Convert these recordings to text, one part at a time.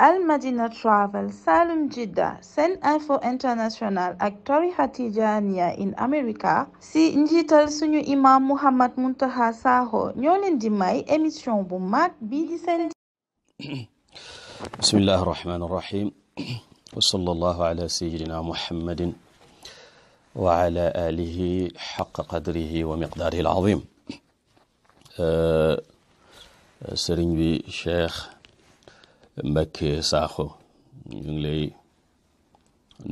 Al Madina Travel Salum Jidda SeneInfo International ak tarixa Tijaaniya in America si njiital suñu imam Mouhamed Muntaqa Sakho ñoo leen di may émission bu mag bii di seen bismillahi rahmani rahim wa sallallahu ala sayyidina muhammadin wa ala alihi xaqa qadrihi wa miqdaarihi al azim sëriñ bi cheikh Mbacke Sakho ñu ngi lay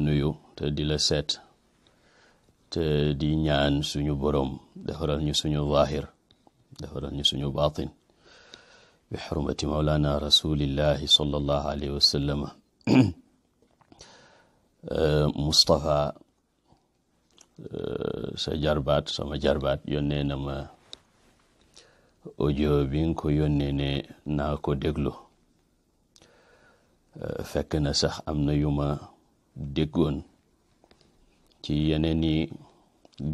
nuyu te di la seet te di ñaan suñu boroom defaral ñu suñu zaahir defaral ñu suñu baatin bi xurmati maulana rasulillahi sallallahu alayhi wa sallam Moustapha eh, sa jarbaat sama jarbaat yónnee na ma audio bi nga ko yónnee ne naa ko déglu Euh, fekk na sax am na yu ma déggoon ci yeneen i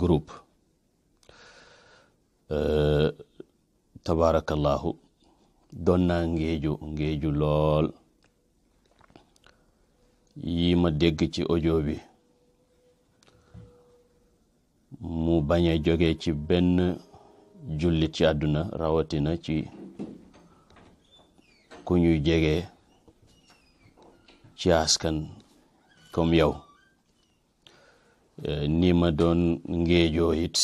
groupe euh, tabaarakallahu doon naa ngéeju lool yi ma dégg ci audio bi mu bañ a jóge ci benn jullit ci àdduna rawatina ci ku ñuy jege ci askan comme yow eh, ni ma doon ngéejoo it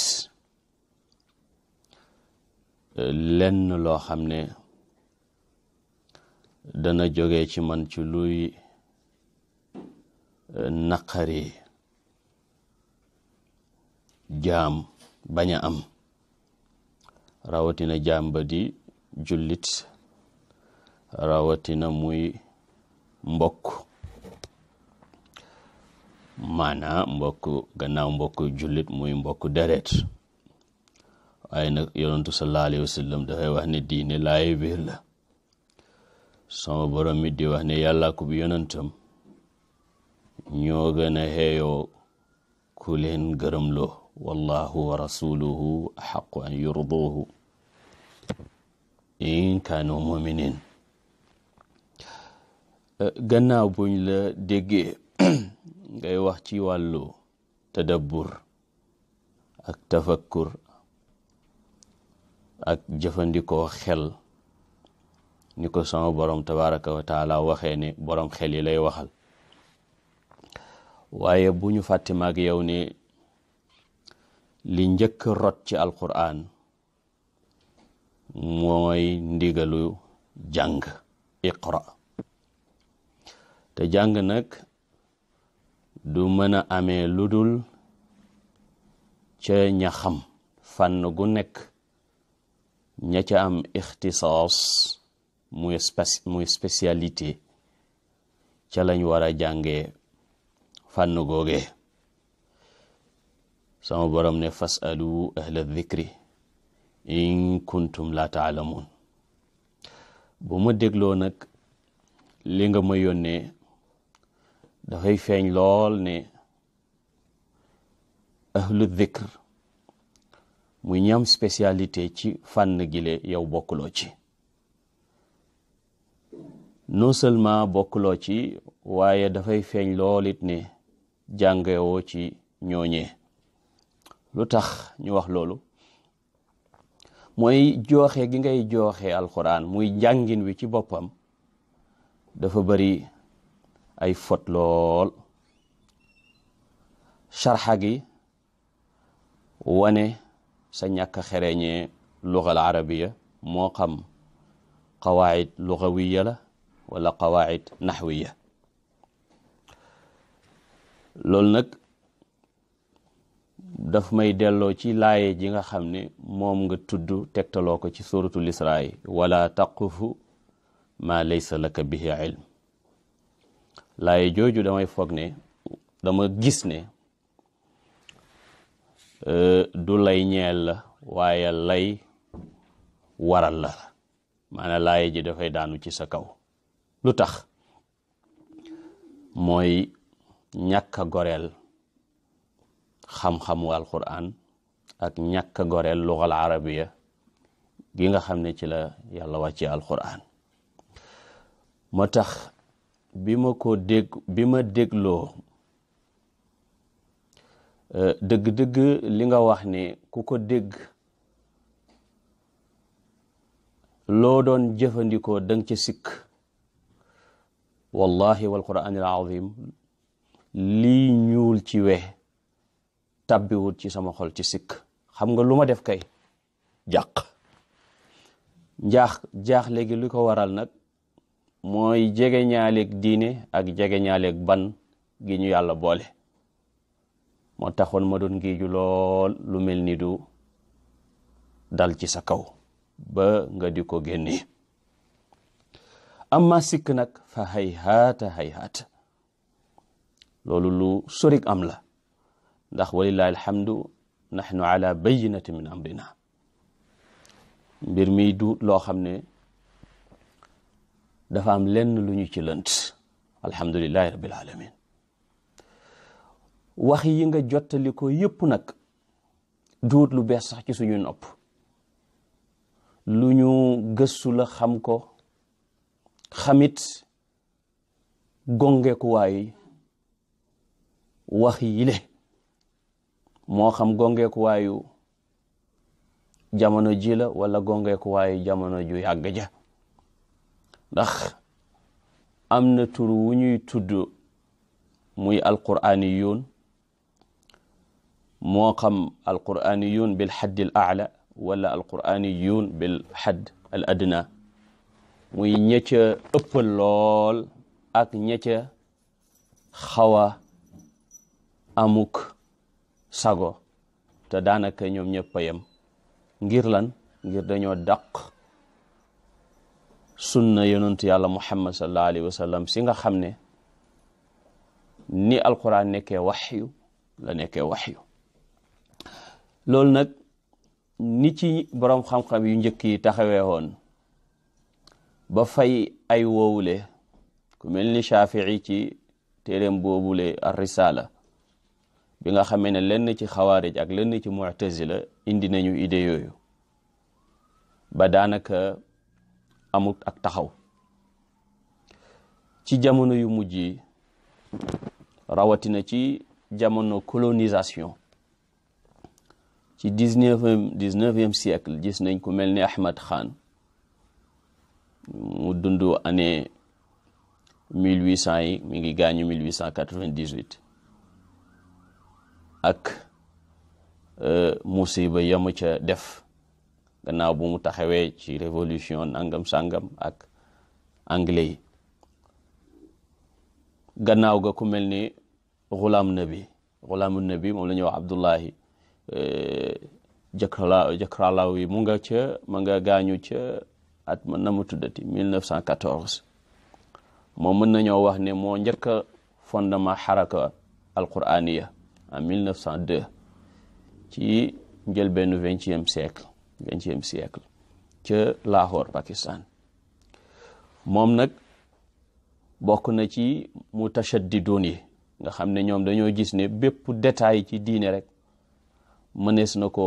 eh, lenn loo xam ne dana jóge ci man ci luy eh, naqari jaam bañ a am rawatina jaam ba jullit rawatina muy mbokk maanaa mbokk gannaaw mbokk jullit muy mbokku deret waaye nag yonentu sallallahu alayhi wa sallam dafay wax ne biir la sama borom mi di wax ne yàlla ko ñoo gën leen gërëmloo wa rasuluhu axaqu an yurduhu in kaanu buñ la déggee ngay wax ci wàllu tadabbur ak tafakkur ak jëfandikoo xel ni ko sama borom tabaraka wa taala ne borom xel yi lay waxal waaye bu ñu fàtte mag yow ne li njëkk rot ci alquran mooy ndigalu jàng iqra te jàng nag du mën a amee ludul ca ña xam fànn gu nekk ña ca am ixtisaas muy muy spécialité ca lañ war a jàngee fànn googee sama borom ne fasalu ahla dhikri in kuntum la taalamun bu ma dégloo nag li nga ma yónnee dafay feeñ lool ne ahlu dhikr muy ñam specialité ci fànn gile yow bokkuloo ci non bokkuloo ci waaye dafay feeñ lool it ne jàngewoo ci ñooñee lu tax ñu wax loolu mooy jooxe gi ngay jooxe alxuraan muy jàngin wi ci boppam dafa bari ay fot lool sharxa gi wane sa ñàkk xereñee lugal arabiya moo xam qawaid lugawiya la wala qawaid naxwiya loolu nag daf may delloo ci laye ji nga xam ne moom nga tudd tegtaloo ko ci suratul israa wala taqufu ma laysa laka bihi ilm laay jooju damay foog ne dama gis ne euh, du lay ñeel la waaye lay waral la maanaam laay ji dafay daanu ci sa kaw lu tax mooy ñàkk a goreel xam-xamu alquran ak ñàkk goreel luxal arabiya gi nga xam ne ci la yàlla wàcce alquran moo tax bi ma ko dégg bi ma dégloo euh, dëgg-dëgg li nga wax ne ku ko dégg loo doon jëfandikoo dang ca sikk wallahi wal quraanil azim lii ñuul ci we tàbbiwut ci sama xol ci sikk xam nga lu ma def kay jàq njaax jaax léegi li ko waral nag mooy jege ñaaleeg diine ak jege ñaaleeg ban gi ñu yàlla boole moo taxoon ma doon géeju lool lu mel ni du dal ci sa kaw ba nga di ko génnee amma sikk nag fa hayhaata hayhaata loolu lu sorik am la ndax walillahi alhamdu nahnu ala bayinati min amrina mbir mi du loo xam ne dafa am lenn lu ñu ci lant alhamdulilahi rabbil alamin wax yi nga jottali ko yëpp nag duut lu bees sax ci suñu nopp lu ñu gëstu la xam ko xamit gongeekuwaay wax yi le moo xam gongeekuwaayu jamono ji la wala gongeekuwaayu jamono ju yàgg ja ndax am na tur wu ñuy tudd muy alquraaniyuun moo xam alquraaniyuun bil xaddi al aala wala bil xadd al adna muy ñëcca ëpp lool ak ñëcca xawa amuk sago te daanaka ñoom ñëpp a yem ngir lan ngir dañoo dàq sunna yonentu yàlla muhammad sallallahu alayhi wa sallam si nga xam ne ni alquran nekkee waxyu la nekkee waxyu loolu nag ni ci boroom xam-xam yu njëkk yi taxawee woon ba fay ay woowule ku mel ni Shafii ci téeréem boobule ar bi nga xamee ne lenn ci xawaarij ak lenn ci mu'tazila indi nañu ide yooyu ba daanaka amuk ak taxaw ci jamono yu mujj yi rawatina ci jamono colonisation ci dix-neuvième dix-neuvième siècle gis nañ ku mel ni Ahmad Khan mu dund année mille huit cent yi mi ngi gaañu mille huit cent quatre-vingt-dix-huit ak euh, musiba yamu ca def gannaaw bu mu taxawee ci révolution nangam sangam ak anglais yi gannaaw ga ku mel ni xulaamu nabi xulaamu nabi moom la ñuy wax abdullahi eh, jëkrala jëkralaw yi mu nga ca ma nga gaañu ca at mën na mu tuddati 1914 moom mën nañoo wax ni moo njëkk a fondement xaraka alquraniya en 1902 ci njëlbeenu vingtième siècle vingtième siècle ca Lahore Pakistan moom nag bokk na ci mu doon yi nga xam ne ñoom dañoo gis ne bépp détail ci diine rek mënees na ko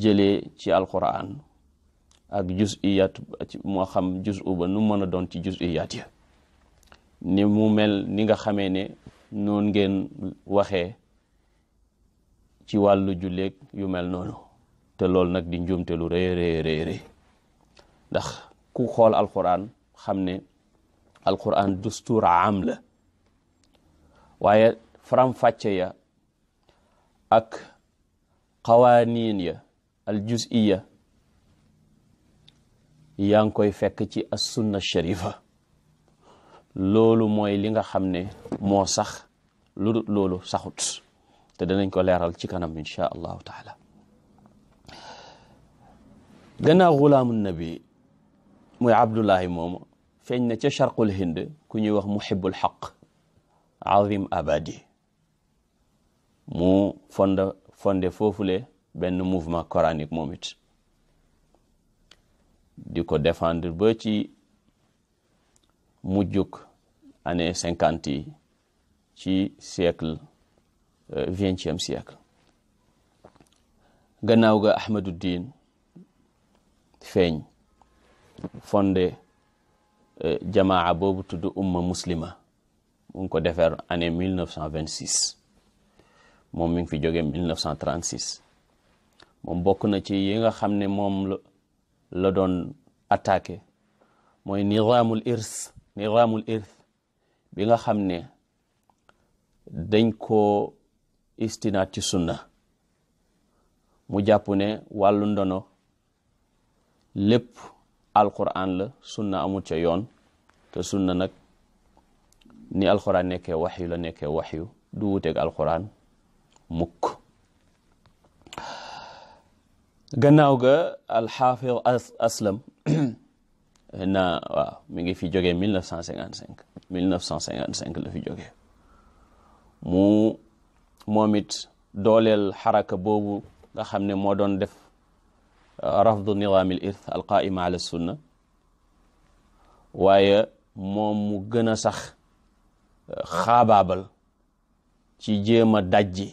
jële ci alxuraan ak juz'iyat moo xam juz'u ba nu mën a doon ci juz'iyat ya ni mu mel ni nga xamee ne noon ngeen waxee ci wàllu julleeg yu mel noonu te loolu nag di njuumte lu rëy rëy rëy rëy ndax ku xool alquran xam ne alquran dustuur am la waaye faram-fàcce ya ak qawaaniin ya al juziya yaa ngi koy fekk ci as sunna sharifa loolu mooy li nga xam ne moo sax lu dul loolu saxut te danañ ko leeral ci kanam incha allahu taala gannaaw xulaamu nabi muy abdullahi moomu feeñ na ca charqul hind ku ñuy wax muhibbul xaq azim abadi mu fonde fonde foofule benn mouvement coranique moom di ko défendre ba ci mujjuk année cinquante yi ci siècle euh, vingtième siècle gannaaw ga ahmaduddin feeñ fonde e, jamaa boobu tudd umma muslima mu ngi ko defar année 1926 moom mi ngi fi jóge 1936 moom bokk na ci yi nga xam ne moom la doon attaqué mooy nizaamul irs nizaamul irs bi nga xam ne dañ ko istinaat ci sunna mu jàpp ne wàllu ndono lépp alquran la sunna amul ca yoon te sunna nag ni alquran nekkee waxyu la nekkee waxyu du wuteeg alquran mukk gannaaw ga alxaafid aslam na waaw mi ngi fi jógee 1955 1955 la fi joge mu moom it dooleel xaraka boobu nga xam ne moo doon def rafdu nidaamil irth alqaima ala sunna waaye moom mu gën a sax euh, xaabaabal ci jéem a dajji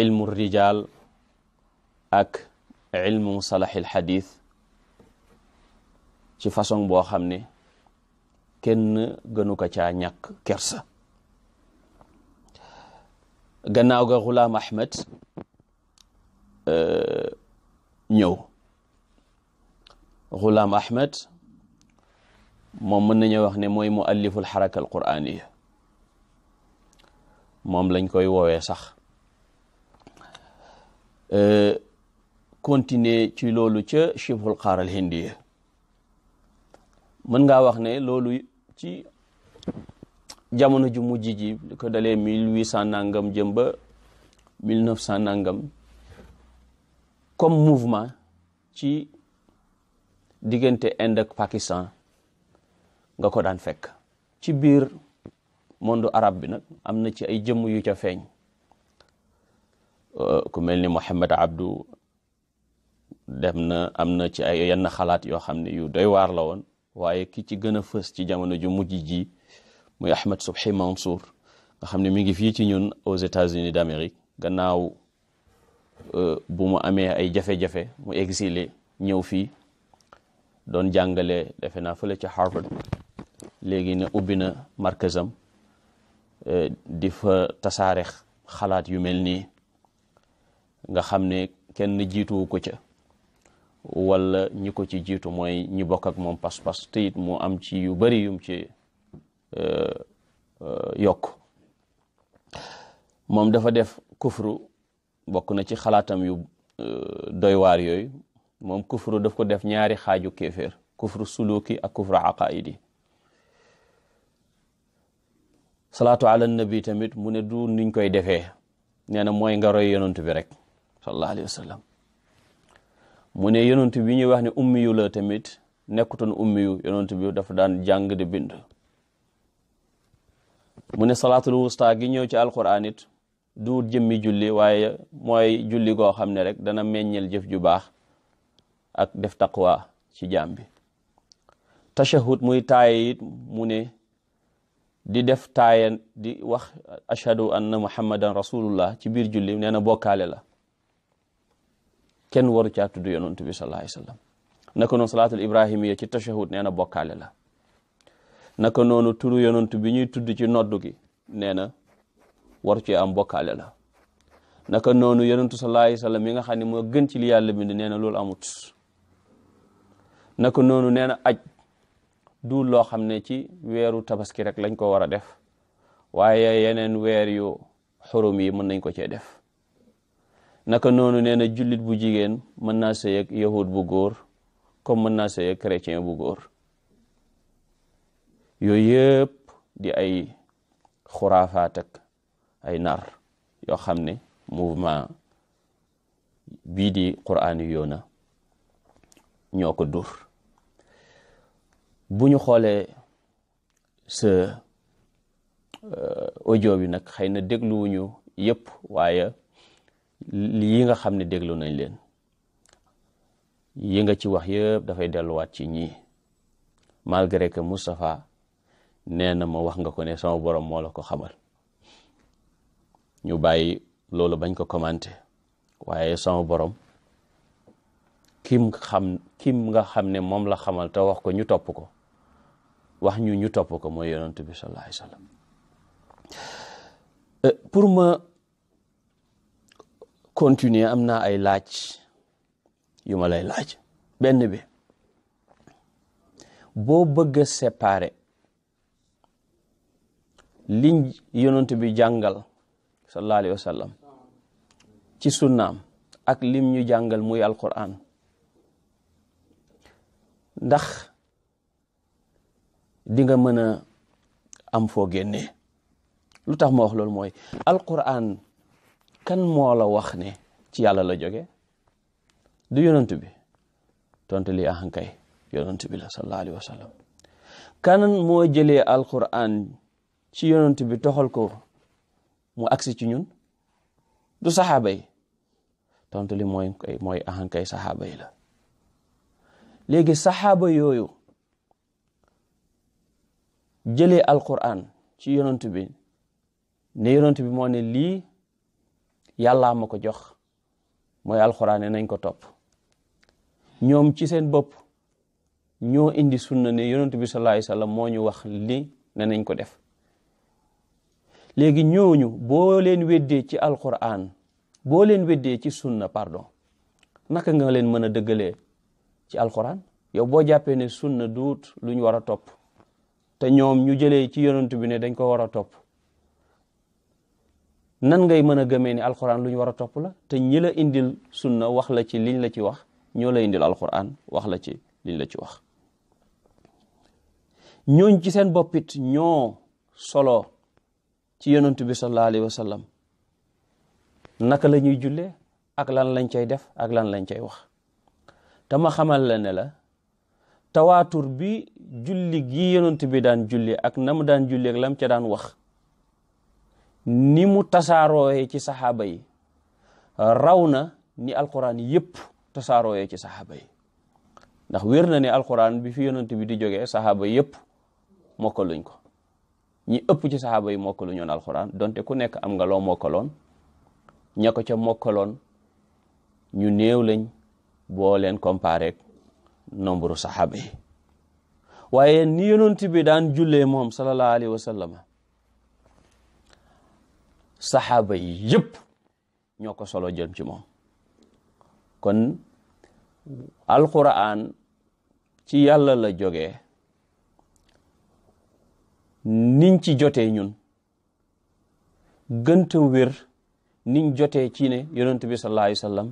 ilmu rijaal ak ilmu musalaxil xadiis ci façon boo xam ne kenn gënu ko caa ñàkk kersa gannaaw ga Ghulam Ahmed euh, ñëw Ghulam Ahmed moom mën nañu wax ne mooy mu alliful xaraka al quraaniya moom lañ koy woowee sax euh, continuer ci loolu ca chibhul xaaral hindiya mën ngaa wax ne lolu ci jamono ju mu jiji li ko dalee mille huit nangam jëm ba mille neuf nangam comme mouvement ci diggante Inde Pakistan nga ko daan fekk ci biir monde arab bi nag am na ci ay jëmm yu ca feeñ euh, ku mel ni Mohamed Abdou dem na am na ci ay yenn xalaat yoo xam ne yu doy waar la woon waaye ki ci gën a fës ci jamono ju mujj ji muy Ahmed Subhi Mansour nga xam ne mi ngi fii ci ñun aux États-Unis d'Amérique gannaaw Euh, bu mu amee ay jafe-jafe mu exilé ñëw fii doon jàngale defe naa fële ci Harvard léegi ne ubbi na markazam euh, di fa tasaare xalaat yu mel nii nga xam ne kenn jiituwu ko ca wala ñi ko ci jiitu mooy ñi bokk ak moom pas-pas te it mu am ci yu bari yum ci euh, yokk moom dafa def kufru bokk na ci xalaatam yu euh, doy waar yooyu moom kufru daf ko def ñaari xaaju kéeféer kufru suluki ak kufru aqaidi salaatu ala nabi tamit mu ne du niñ koy defee nee na mooy nga roy bi rek sallallahu alayhi wa sallam mu ne yonent bi ñuy wax ne ummi yu la tamit nekkutoon ummi yu yonent bi dafa daan jàng di bind mu ne salaatul wusta gi ñëw ci alquran duut jëmmi julli waaye mooy julli goo xam ne rek dana meññeel jëf ju baax ak def takuwa ci jaam bi tashahud muy taaye it mu di def taaye di wax ashhadu anna muhammadan rasulullah ci biir julli nee na bokkaale la kenn waru caa tudd yonent bi sallallahu alayhi wasallam naka noonu salaatul ibrahimiya ci tashahud nee na bokkaale la naka noonu turu yonent bi ñuy tudd ci noddu gi nee na waru ci am bokkaale la naka noonu yonentu sallallahu alayhi wasallam mi nga xam ne moo gën ci li yàlla bind nee na loolu amut naka noonu nee na aj du loo xam ne ci weeru tabaski rek lañ ko war a def waaye yeneen weer yu xurum yi mën nañ ko cee def naka noonu nee na jullit bu jigéen mën naa sëy ak bu góor comme mën naa sëy ak bu góor yooyu yëpp di ay xuraafaat ak ay nar yoo xam ne mouvement bii di quraan yu yoona ñoo ko dur bu ñu xoolee sa euh, audio bi nag xëy na dégluwuñu yëpp waaye yi nga xam ne déglu nañ leen yi nga ci wax yëpp dafay delluwaat ci ñii malgré que Moustapha nee na ma wax nga ko ne sama borom moo ko xamal ñu bàyyi loolu bañ ko commenté waaye sama borom kim xam kim nga xam ne moom la xamal te wax ko ñu topp ko wax ñu ñu topp ko mooy yonent bi sallallahu alayhi euh, ma continuer am na ay laaj yu ma laaj benn bi boo bëgg a séparer liñ yonent bi jàngal sallallahu alayhi wa sallam ci sunnaam ak lim ñu jàngal muy alquran ndax di nga mën a am foo génne lu tax ma wax loolu mooy alquran kan moo la wax ne ci yàlla la jóge du yonent bi tontu li ahankay yonent bi la sallallahu alayhi wa sallam kan moo jëlee alquran ci yonent bi toxal ko mu agsi ci ñun du saxaaba yi tontu li mooy mooy ahan kay saxaaba la léegi saxaaba yooyu jëlee alquran ci yonent bi ne yonent bi moo ne lii yàllaa ma ko jox mooy alquran ne nañ ko topp ñoom ci seen bopp ñoo indi sunna ne yonent bi sallallahu alayhi wasallam moo ñu wax li ne nañ ko def léegi ñooñu boo leen weddee ci alquran boo leen weddee ci sunna pardon naka nga leen mën a dëggalee ci alquran yow boo jàppee ne sunna duut lu ñu war a topp te ñoom ñu jëlee ci yonent ne dañ ko war a topp nan ngay mën a gëmee ni alquran lu ñu war a topp la te ñi la indil sunna wax la ci liñ la ci wax ñoo la indil alquran wax la ci liñ la ci wax ñooñ ci seen boppit ñoo solo ci yonent bi sallallahu alayhi naka la ñuy jullee ak lan lañ cay def ak lan lañ cay wax te ma xamal la ne la tawaatur bi julli gi yonent bi daan julli ak nam mu daan julli ak lam ca daan wax ni mu tasaarooyee ci saxaaba yi raw na ni alquran yépp ye ci saxaaba yi ndax wér na ne alquran bi fi yonent bi di joge saxaaba yépp mokkal luñ ko ñi ëpp ci saxaaba yi mokkalu ñoon alxuraan donte ku nekk am nga loo mokkaloon ña ko ca mokkaloon ñu néew lañ boo leen comparé nombre saxaaba yi waaye ni yonent bi daan jullee moom sallallahu alayhi wa saxaaba yi yëpp ñoo ko solo jëm ci moom kon alxuraan ci yàlla la jógee niñ ci jote ñun gënta wér niñ jote ci ne yonent bi sallallahu alayhi wa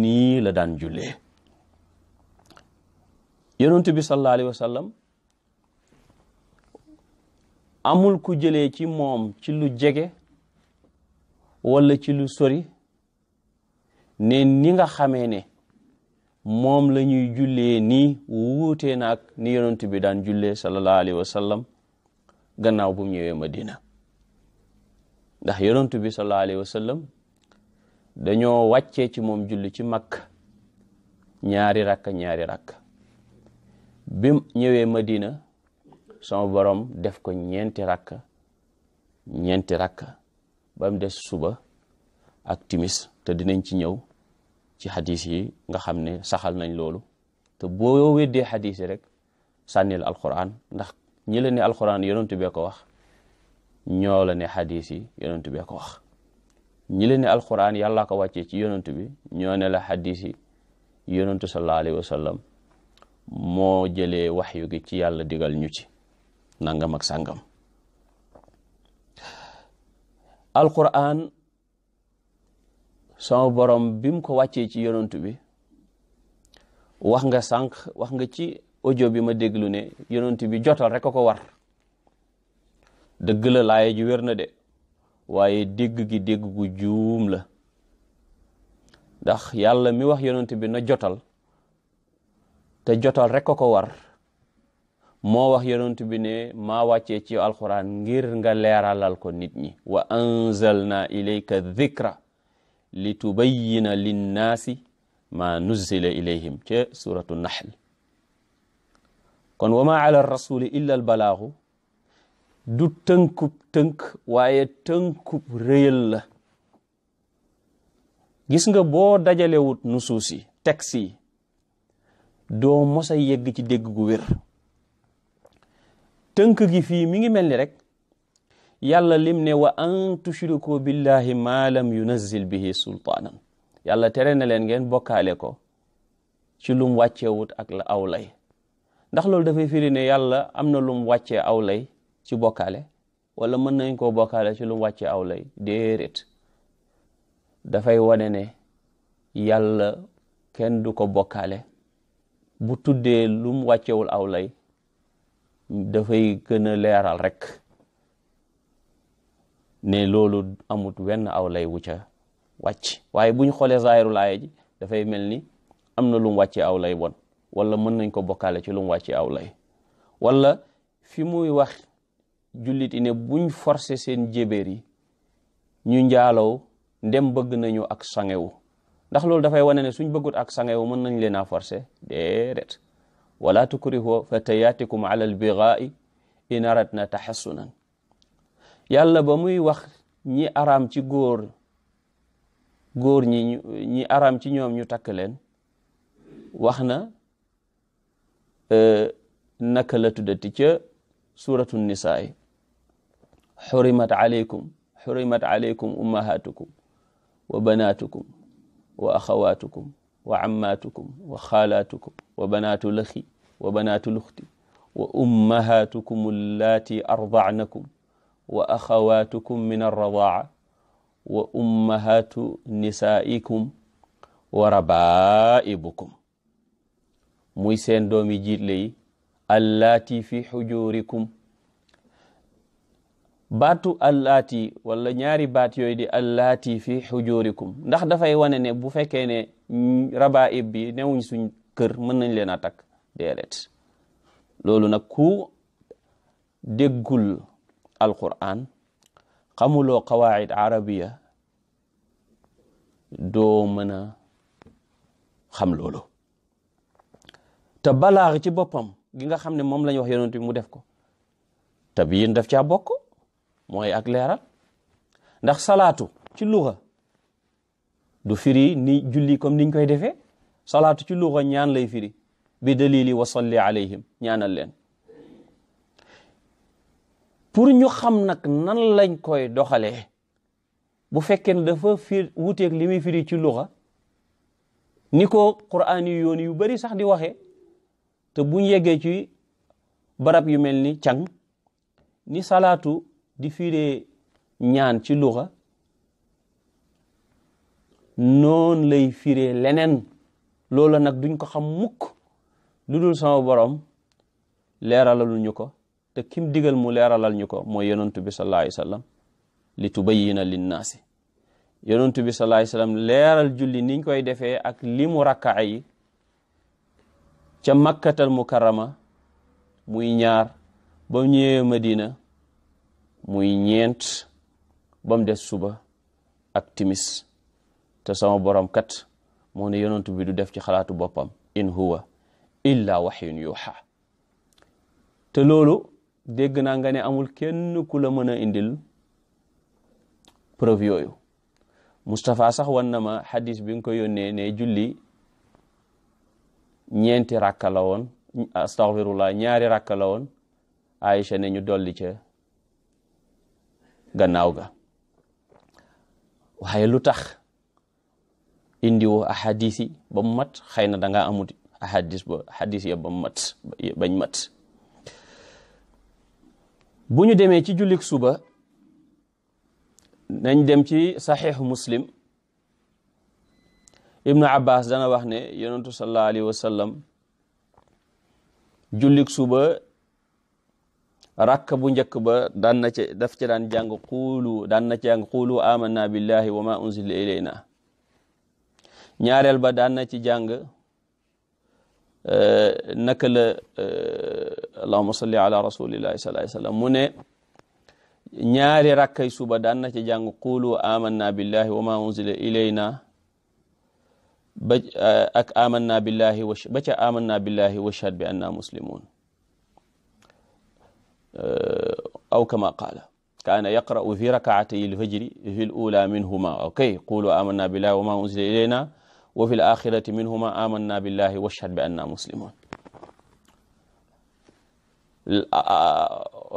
nii la daan jullee yonent bi sallallahu alayhi amul ku jëlee ci moom ci lu jege walla ci lu sori ne ni nga xamee ne moom la ñuy jullee nii wuute naag ni yonent bi daan jullee sallallahu alayhi gannaaw bu mu ñëwee Madina ndax yonentu bi sallallahu alayhi wa sallam dañoo wàccee ci moom julli ci Makka ñaari rakk ñaari rakk bi mu ñëwee Madina sama borom def ko ñeenti rakk ñeenti rakk ba mu des suba ak timis te dinañ ci ñëw ci xadis yi nga xam ne saxal nañ loolu te boo weddee xadis rek rek sànnil alquran ndax ñi la ne alxuraan tu bee ko wax ñoo la ne xadis yi yonentu ko wax ñi la ne alxuraan yàlla ko wàccee ci yonentu bi ñoo ne la xadis yi yonentu sallallahu moo jëlee waxyu gi ci yàlla digal ñu ci nangam ak sàngam alxuraan sama borom bi ko wàccee ci yonentu bi wax nga sànq wax nga ci audio bi ma déglu ne yonent bi jotal rek ko war dëgg la laaya wér na de waaye dégg gi dégg juum la ndax yàlla mi wax yonent bi na jotal te jotal rek a ko war moo wax yonent bi ne ma wàccee ci alxuraan ngir nga leeralal ko nit ñi wa anzalna ilayka dhikra li tubayyina linnaasi ma nuzzila ilayhim ca suratu nahl kon wa ma ala rasuli illa al balaaxu du tënkub tënk waaye tënkub réyal la gis nga boo dajalewut nusuus yi texte yi doo mos a yegg ci dégg gu wér tënk gi fii mi ngi mel ni rek yàlla lim ne wa an tushriku billahi ma lam bihi sultaanan yàlla tere na leen ngeen bokkaale ko ci lum wàccewut ak la aw ndax loolu dafay firi ne yàlla am na lum wàccee aw lay ci bokkaale wala mën nañ koo bokkaale si lum wàccee aw lay déedéet dafay wane ne yàlla kenn du ko bokkaale bu tuddee lum wàccewul aw lay dafay gën a leeral rek ne loolu amut wenn aw lay wu ca wàcc waaye bu ñu xoolee zaahirul aaya ji dafay mel ni am na lum wàccee aw lay woon wala mën nañ ko bokkaale ci lu mu awlay walla lay fi muy wax jullit yi ne buñ forcé seen jébéer yi ñu njaalow ndem bëgg nañu ak sangewu ndax loolu dafay wane ne suñ bëggut ak sangewu mën nañ leen a forcé déedéet wala tukrihu alal ala albigaai in aratna taxassunan yàlla ba muy wax ñi araam ci góor góor ñi ñi araam ci ñoom ñu takk leen wax na naka la tuddati ca suratu nisaay xurimat aleykum xurimat aleykum ummahatukum wa banatukum wa axawatukum wa ammatukum wa xaalatukum wa banatu laxi wa banatu luxti wa ummahatukum allati ardacnakum wa axawatukum min arradaaca wa ummahatu nisaikum wa rabaibukum muy seen doomi jiitle yi allaati fi xujurikum baatu allaati wala ñaari baat yooy di allaati fi xujurikum ndax dafay wane ne bu fekkee ne rabaib bi newuñ suñ kër mën nañ leen a takk déedéet loolu nag ku déggul alquran xamuloo qawaid arabiya doo mën a xam loolu te balaax ci boppam gi nga xam ne moom la ñu wax yonent bi mu def ko tabiin daf caa bokk mooy ak leeral ndax salaatu ci luxa du firi ni julli comme niñ koy defee salaatu ci luxa ñaan lay firi bi dalili wa salli alayhim ñaanal leen pour ñu xam nag nan lañ koy doxalee bu fekkee ne dafa fir wuteeg li muy ci luxa ni ko quraan yu yoon yu bari sax di waxee te buñ yegee ci barab yu mel ni cang ni salaatu di firee ñaan ci luxa noon lay firee leneen loola nag duñ ko xam mukk lu dul sama borom leeralalu ñu ko te kim digal mu leeralal ñu ko mooy yonantu bi sallallahu alayhi ba li linnasi linnaasi yonantu bi sallallahu alayhi leeral julli niñ koy defee ak limu rakkaa yi ca makkatal mukarrama muy ñaar ba mu ñëwee madina muy ñeent ba des suba ak timis te sama borom kat moo ne yonent bi du def ci xalaatu boppam in huwa illa waxyun yuuxa te loolu dégg naa nga ne amul kenn ku la mën a indil preuve yooyu Mustapha sax wan na ma xadis bi nga ko yónnee ne julli ñeenti rakka la ñaari rakka la ne ñu dolli ca gannaaw ga waaye lu tax indi woo ahadis ba mu mat xëy na danga ngaa amut ahadis ba ya ba mu mat bu ñu demee ci jullik suba nañ dem ci saxiixu muslim ibnu abbas dana wax ne yonentu sallallahu alayhi wa sallam jullik suba rakk bu njëkk ba daan ci daf ci daan jàng xuulu daan na wa ma unzila ilayna ñaareel ba daan na ci jàng eh, naka la eh, allahuma salli ala rasulillahi sallallahu alayhi mu ne ñaari rakkay suba daan na ci jàng xuulu amanna billahi wa ma unzila ilayna Eh, ak amanna billahi wa ba ca amanna billahi wa shahad bi anna muslimun eh, aw kama qaala kaana yaqra'u fi rak'atay al-fajri fi al-ula minhuma okay qulu amanna billahi wa ma unzila ilayna wa fi al-akhirati minhuma amanna billahi wa shahad bi anna muslimun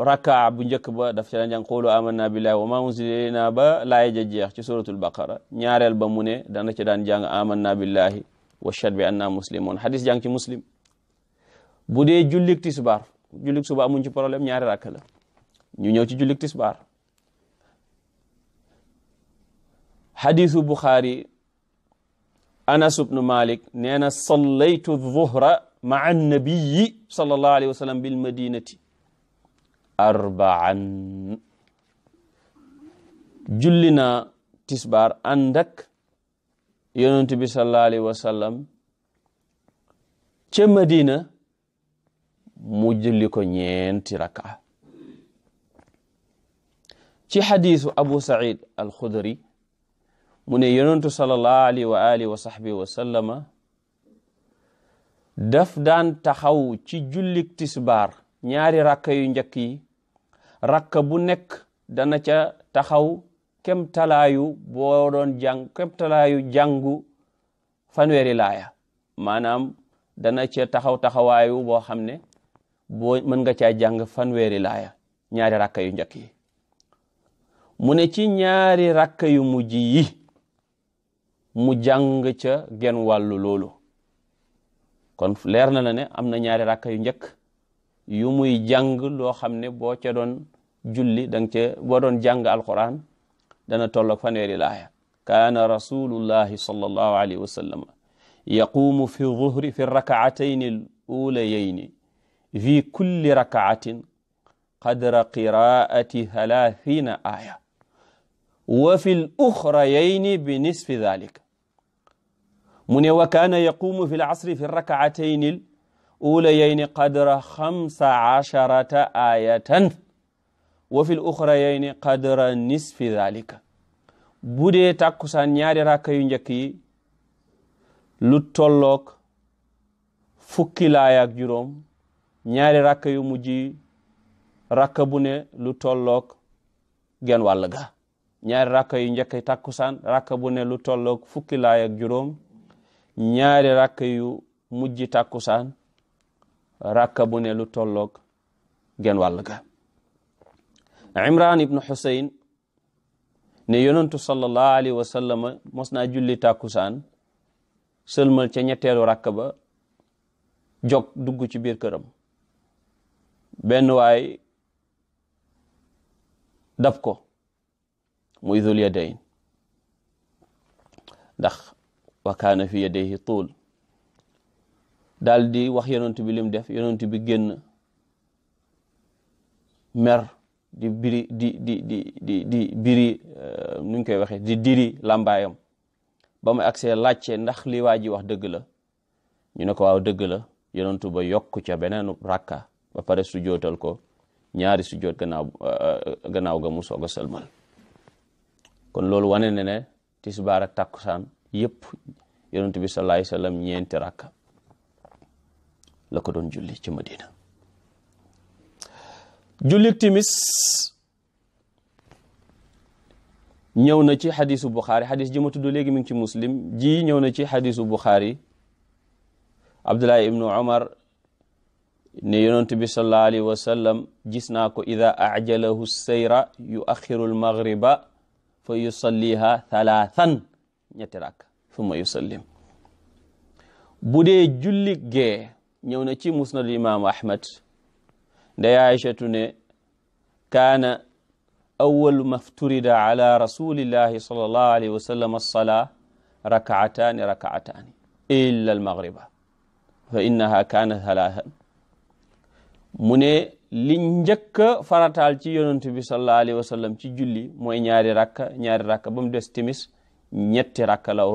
raka bu njëkk ba daf ca la jàng qulu amanna billahi wa ma unzila ilayna ba laaya ja jeex ci suratul baqara ñaareel ba mu ne dana ca daan jàng amanna billahi wa shad bi anna muslimun hadis jàng ci muslim bu dee jullik tisbaar jullik suba amuñ ci problème ñaari rakk la ñu ñëw ci jullik tisbaar hadisu buxaari anas ibnu malik nee na sallaytu zuhra maa annabiyi sallallahu arbaan julli naa tisbaar ànd ak yonent bi sallallahu alayhi wa sallam ca Madina mu julli ko ñeenti rakaa ci xadisu Abu Saïd al mu ne yonentu sallallahu alayhi wa alihi wa sahbihi wa sallama daf daan taxaw ci jullik tisbaar ñaari rakka yu njëkk yi rakka bu nekk dana ca taxaw kemtalaayu boo doon jàng kemtalaayu jàngu fanweeri laaya maanaam dana ca taxaw taxawaayu boo xam ne boo mën nga caa jàng fanweeri laaya ñaari rakka yu njëkk yi mu ne ci ñaari rakka yu mujj yi mu jàng ca gen wàllu loolu kon leer na la ne am na ñaari rakka yu njëkk yu muy jàng loo xam ne boo ca doon julli da nga ca boo doon jàng alquran dana tolloog fanweeri laaya kaana rasulullahi sallallahu alayhi wa sallam yaquumu fi zuhri fi al aya wa fi l uxrayayni bi nisfi dhalik mu wa kaana yaquumu fi l asri fi rakaatayni ulayayni qadra xamsa asharata ayatan wa fil uxrayayni qadra nisfi dhalika bu dee tàkkusaan ñaari rakka yu njëkk yi lu tolloog fukki laaya ak juróom ñaari rakka yu mujj yi rakka bu ne lu tolloog genn ñaari rakka yu njëkk yi tàkkusaan rakka bu ne lu tolloog fukki laaya ak juróom ñaari rakka yu mujj tàkkusaan rakka ne lu tolloog genn wàll ga ibnu xusayn ne yonentu sallallahu alayhi wa sallam mos naa julli tàkkusaan sëlmal ca ñetteelu rakk ba jog dugg ci biir këram benn waay dab ko muy dul yadayn ndax fi yadayhi tuul daal di wax yonent bi lim def yonent bi génn mer di biri di di di di di biri euh, nuñ koy waxee di diri làmbaayam ba mu agsee laajte ndax li waa ji wax dëgg la ñu ne ko waaw dëgg la yonentu ba yokk ca beneen rakka ba pare su jootal ko ñaari su joot euh, gannaaw ga mu soog a sëlmal kon loolu wane ne ne tisbaar ak takkusaan yëpp yonent bi sallallahu alayhi ñeenti rakka la ko doon julli ci Madina jullik timis ñëw na ci xadisu Buxaari xadis ji ma tudd léegi mi ngi ci muslim ji ñëw na ci xadisu Buxaari Abdullahi ibnu Umar ne yonent bi sallallahu alayhi wa sallam gis naa ko ida ajalahu sayra yu axiru almagriba fa yusalliha thalathan ñetti rakk summa yusallim bu dee julli gee ñëw na ci musnad imaamu ahmad nday aïchatu ne kaana awalu mafturida ala rasulillahi sallallahu alayhi wa sallam alsalaa rakaataani rakaataani illa almaghriba fa innaha kaanat mu ne li njëkk farataal ci yonentu bi sallallahu alayhi ci julli mooy ñaari rakka ñaari rakka ba des timis ñetti rakka la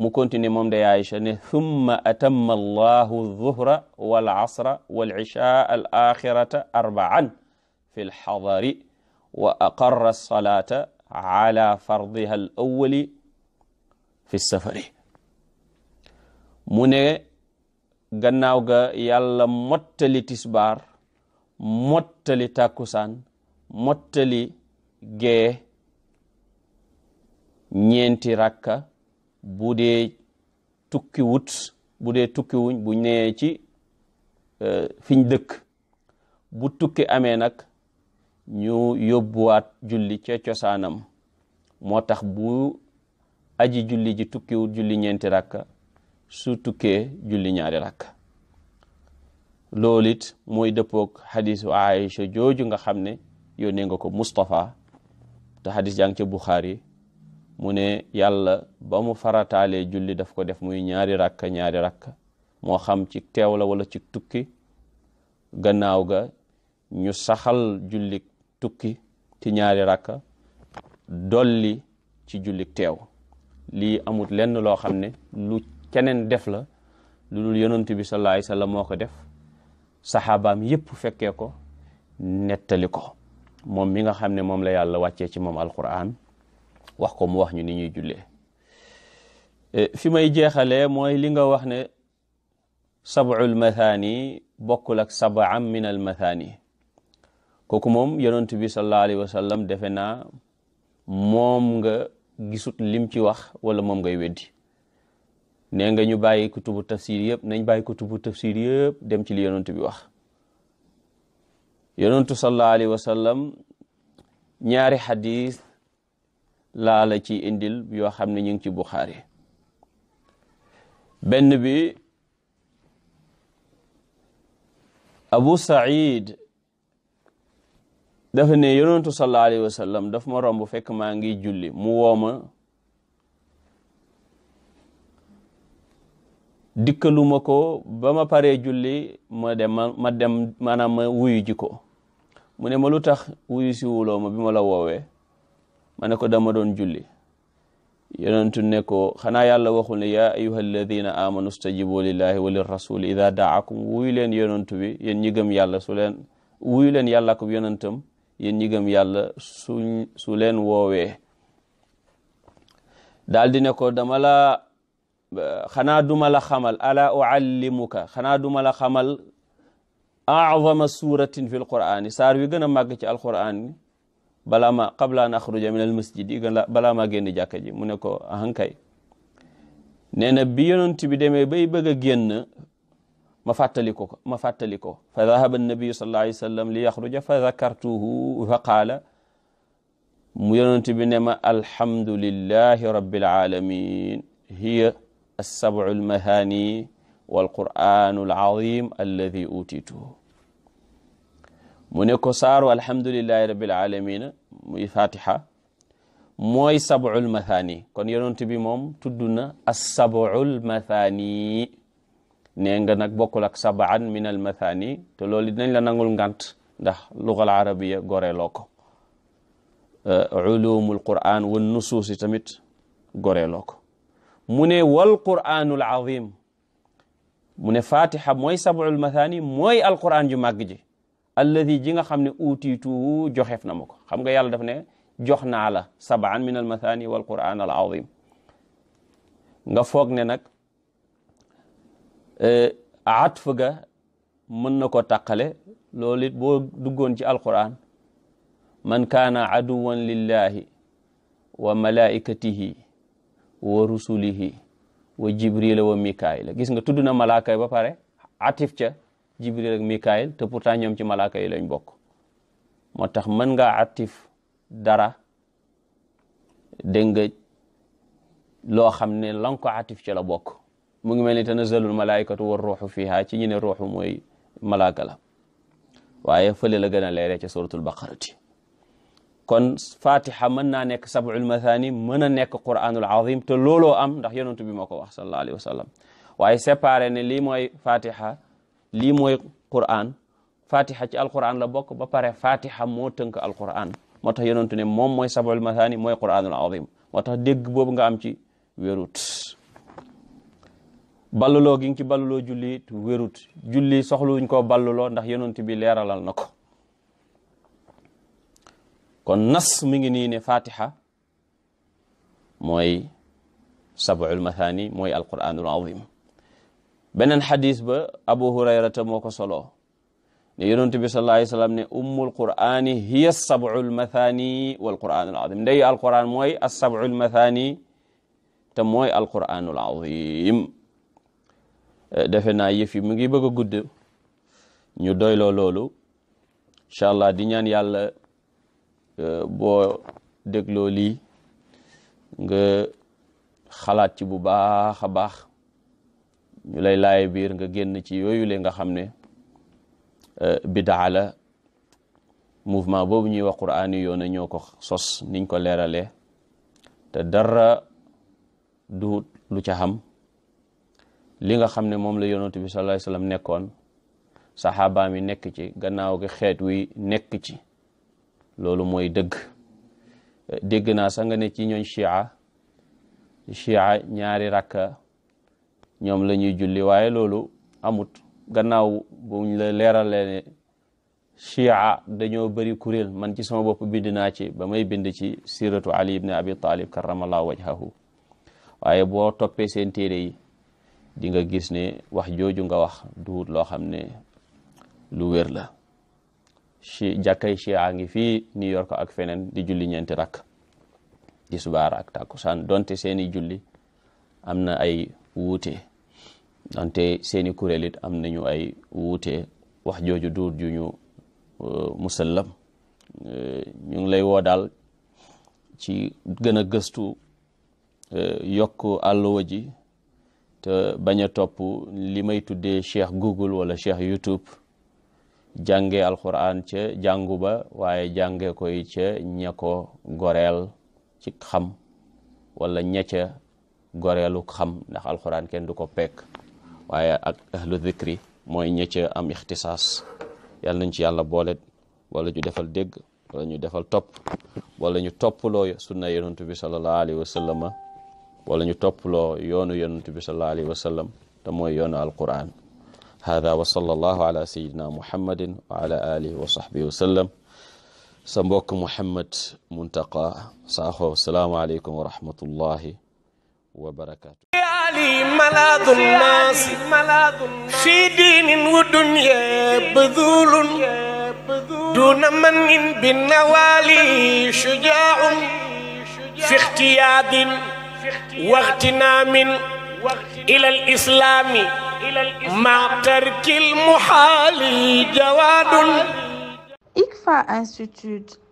mu continue moom day Aïcha ne thumma atamma allahu zuhra wal asra wal isha al axirata arbaan fi lxadari wa aqarra salata ala fardiha al awali fi safari mu ne gannaaw ga yàlla mottali tisbaar mottali tàkkusaan mottali gee ñeenti rakka bu dee tukki bu dee tukki bu buñ nee ci euh, fiñ dëkk bu tukki amee nag ñu yóbbuwaat julli ca cosaanam moo tax bu aji julli ji julli ñeenti rakka su tukkee julli ñaari rakka loolu it mooy dëppoog xadisu Aïcha jooju nga xam ne yónnee nga ko Mustapha te xadis jàng ca Buxaari mu ne yàlla ba mu farataalee julli daf ko def muy ñaari rakka ñaari rakka moo xam ci teew la wala ci tukki gannaaw ga ñu saxal jullik tukki ci ñaari rakka dolli ci jullik teew lii amut lenn loo xam ne lu keneen def la lu dul yonent bi sallallahu moo ko def saxaabaam yépp fekkee ko nettali ko moom mi nga xam ne moom la yàlla wàccee ci moom alquran wax ko mu wax ñu ni ñuy jullee eh, fi may jeexalee mooy li nga wax ne sab'ul mathani bokkul ak sab'an min al mathani kooku moom yonent bi sallallahu alayhi wa sallam defe naa moom nga gisut lim ci wax wala moom ngay weddi nee nga ñu bàyyi kutubu tafsir yëpp nañ bàyyi kutubu tafsir yëpp dem ci li yonent bi wax yonentu sallallahu alayhi wa ñaari xadis laala ci indil yoo xam ne ñu ngi ci Buxaari benn bi Abu Saïd dafa ne yonentu sallallahu alayhi wa sallam daf ma romb fekk maa ngi julli mu wooma dikkaluma ko ba ma paree julli ma dem ma dem maanaam ma wuyu ji ko mu ne ma lu tax wuyu si wuloo ma bi ma la woowee ma ne ko dama doon julli yonentu ne ko xanaa yàlla waxul ne yaa ayuha alladina amanu stajibu lillahi wa lirrasuli ida daakum wuyu leen yonentu bi yéen ñi gëm yàlla su leen wuyu leen yàlla ak yonentam yéen ñi gëm yàlla su leen woowee daal ne ko dama la xanaa duma la xamal ala uallimuka xanaa duma la xamal azama suratin fi lqur'ani saar wi gën a màgg ci alqur'an balaa ma qabla an axruja min al masjidi balaa maa génn jàkka ji mu ne ko ahankay nee na bi yonent bi demee bay bëgg a génn ma fàttali ko ma fàttali ko fa dahaba annabiyu sallallahu alayhi wa sallam li yaxruja fa zakartuhu fa qaala mu yonent bi ne ma alhamdulillahi rabbil alamin hiya assabu almahani walquranu alazim alladi utituhu mu ne ko saaru alhamdulillahi rabbil alamina muy fatiha mooy sab'ul mathani kon yonent bi moom tudd na as-sab'ul mathani nee nga nag bokkul ak sab'an min al mathani te loolu dinañ la nangul ngant ndax lugal arabiya goreeloo ko uh, tamit goreeloo mu ne wal qur'anul azim mu ne fatiha mooy sab'ul mathani mooy ju màgg ji alladi ji nga xam ne uutiitu joxeef na ma ko xam nga yàlla daf ne jox naa la sabaan min al mathani wal quran nga foog ne nag euh, atf ga mën na ko taqale loolu it boo duggoon ci alquran man kaana aduwan lillahi wa malaikatihi wa rusulihi wa jibrila wa mikaila gis nga tudd na ba pare atif ca jibril ak mikaayil te pourtant ñoom ci malaaka yi lañ bokk moo tax mën nga atif dara dégg nga loo xam ne lan atif ci la bokk mu ngi mel ni tanazzalul malaikatu war ruuxu fiha ci ñu ne ruuxu mooy malaaka la waaye fële la gën a leere ca suratul baqarati kon fatiha mën naa nekk sab'ul mathani mën a nekk qur'anul azim te looloo am ndax yonentu bi ma ko wax sallallahu alayhi wa sallam fatiha lii mooy Qur'an fatiha ci alquran la bokk ba pare fatiha moo tënk alquran moo tax yonentu ne moom mooy sabul mathani mooy Qur'anul azim moo tax dégg boobu nga am ci wérut balluloo gi nga ci balluloo jullit wérut julli soxluwuñ koo balluloo ndax yonent bi leeralal na ko kon nas mi ngi nii ne fatiha mooy sabul mathani mooy alquranul azim beneen xadis ba abu hurayrata moo ko solo ne yonent bi sallallahu alayhi wasallam ne ummul qur'ani hiya sab'ul mathani wal qur'anul azim ndeyu alquran mooy as-sab'ul mathani te mooy alquranul eh, naa yëf yi mu ngi bëgg a gudd ñu allah di ñaan yàlla eh, boo dégloo lii nga xalaat ci bu baax a baax ñu lay laaye biir nga génn ci yooyu le nga xam ne euh, bidaa la mouvement boobu ñuy wax quraan yi yoon ñoo ko sos niñ ko leeralee te dara du lu ca xam li nga xam ne moom la yonent bi sallallahu alayhi nekkoon saxaaba mi nekk ci gannaaw gi xeet wi nekk ci loolu mooy dëgg dégg naa sa nga ne ci ñooñ chia chia ñaari rakka ñoom la ñuy julli waaye loolu amut gannaaw buñ la leeralee ne chia dañoo bëri kuréel man ci sama bopp bind naa ci ba may bind ci siratu ali ibn abi talib karamallahu wajhahu waaye boo toppee seen téere yi di nga gis ne wax jooju nga wax duut loo xam ne lu wér la chi jàkkay chia ngi fii New York ak feneen di julli ñeenti rakk tisbaar ak takkusaan donte seeni julli am na ay wuute ante seeni kuréel it am nañu ay wuute wax jooju duur ju ñu uh, musallam uh, ñu ngi lay woo daal ci gën a gëstu uh, yokk àlluwa ji te bañ a topp li may tuddee cheikh google wala cheikh youtube jànge alquran ca jàngu ba waaye jànge koy ca ña ko goreel ci xam wala ña ca goreelu xam ndax alquran kenn du ko pekk waaye ak ahlu dhikri mooy ña ca am ixtisaas yàlla nañ ci yàlla boole wala ñu defal dégg wala ñu defal topp wala ñu topploo sunna yonent bi sallallahu alayhi wa sallam wala ñu topploo yoonu yonent bi sallallahu alayhi wa sallam te mooy yoonu alquran hada wa sallallahu ala sayidina muhammadin wa ala alihi wa sahbihi wa sallam sa mbokk muhammad muntaqa saaxo assalaamu aleykum wa rahmatullahi wa barakaatu ali malaadu naas fi diinin wa dunya badulun duna manin bi nawaali shujaaun fi ixtiyaadin wa ixtinaamin ila al islaami ma tarkil muhaali jawaadun ICFA Institute